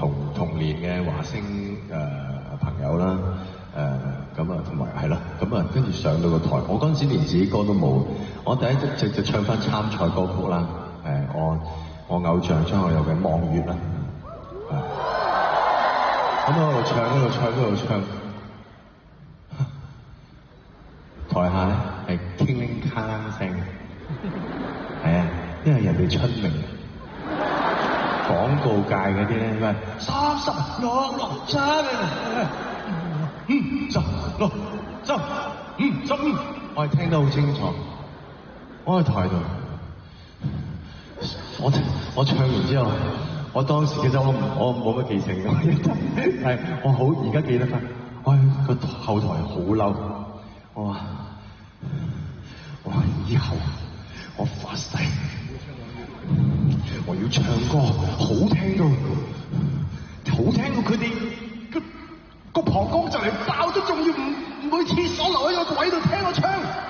同同年嘅華星誒、呃、朋友啦，誒咁啊，同埋係咯，咁啊跟住上到個台，我嗰陣時連自己歌都冇，我第一隻就唱返參賽歌曲啦，誒、呃、我我偶像張學友嘅望月啦，咁喺度唱，喺度唱，喺度唱，台下咧係 kingking 聲，係 啊，因為人哋出名。廣告界嗰啲咧，佢三十、六、六、七，嗯，十、六、十，嗯、十、嗯，我係聽得好清楚。我喺台度，我我唱完之後，我當時其實我我冇乜記性，係我好而家記得翻。我個後台好嬲，我話我話以後我發誓。我要唱歌，好聽到，好聽到佢哋個個膀胱就嚟爆，都仲要唔唔去廁所，留喺個位度聽我唱。